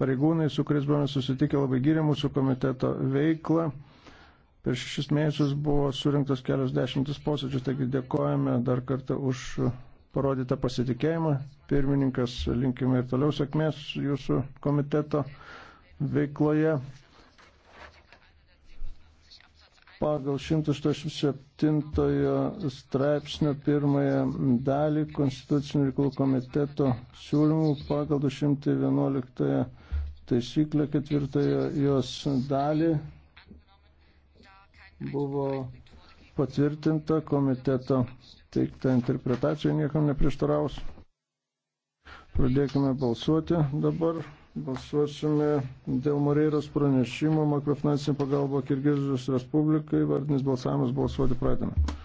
pareigūnai, su kuriais buvome susitikę, labai gyrė mūsų komiteto veiklą. Per šešis mėnesius buvo surinktas kelios dešimtis posėdžių, taigi dėkojame dar kartą už parodytą pasitikėjimą. Pirmininkas, linkime ir toliau sėkmės jūsų komiteto veikloje pagal 187 straipsnio pirmąją dalį Konstitucinio reikalų komiteto siūlymų pagal 211 taisyklę ketvirtąją jos dalį buvo patvirtinta komiteto teikta interpretacija, niekam neprieštaraus. Pradėkime balsuoti dabar. Balsuosime dėl Moreiros pranešimo makrofinansinė pagalba Kirgizijos Respublikai. Vardinis balsavimas balsuoti pradėme.